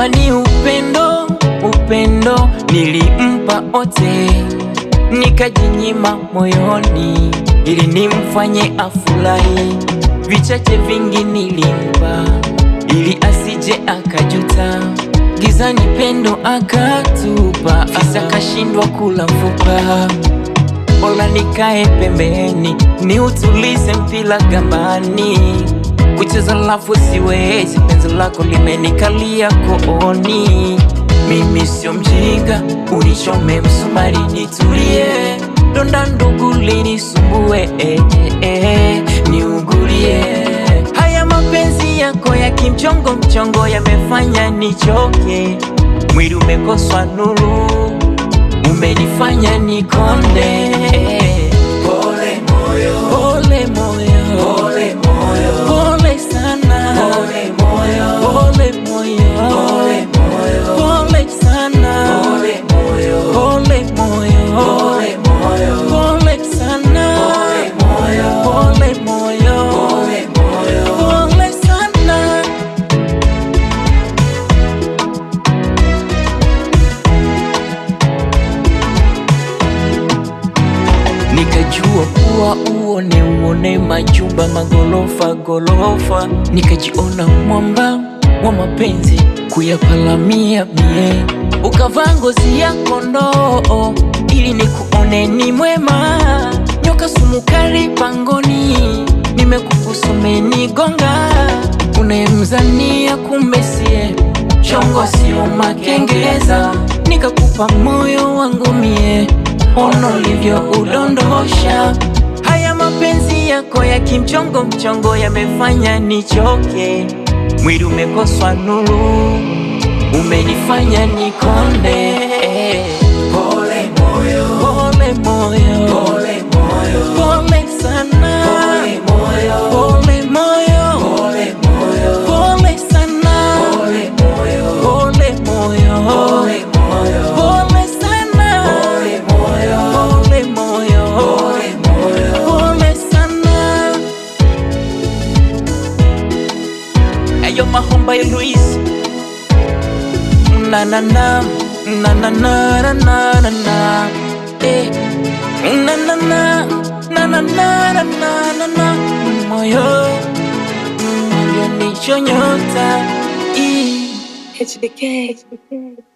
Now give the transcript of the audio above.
kama ni upendo, upendo nilimpa ote, nikajinyima moyoni ili nimfanye afurahi. Vichache vingi nilimpa ili asije akajuta, gizani pendo akatupa, fisa kashindwa kula mfupa. Ola nikae pembeni niutulize mpila gambani kucheza lafu siwezi, penzi lako limenikalia kooni. Mimi sio mjinga, unichome msumari nitulie, donda ndugu linisumbue, eh, eh, eh, niugulie. Haya mapenzi yako ya kimchongo mchongo yamefanya nichoke, mwili umekoswa nuru, umenifanya nikonde Nikajua kuwa uone uone majumba magorofa gorofa, nikajiona mwamba wa mapenzi kuyapalamia mie, ukavaa ngozi ya kondoo ili nikuone ni mwema, nyoka sumukari pangoni, nimekukusomeni gonga, unayemzania kumbe sie chongo sio makengeza, nikakupa moyo wangu mie ona ulivyo udondosha haya mapenzi yako ya kimchongo mchongo yamefanya nichoke, mwili umekoswa nuru umenifanya nikonde eh. ayo mahomba ya Luis na na na na na na na na na eh na na na na na na na na na na moyo moyo ni chonyota i HBK HBK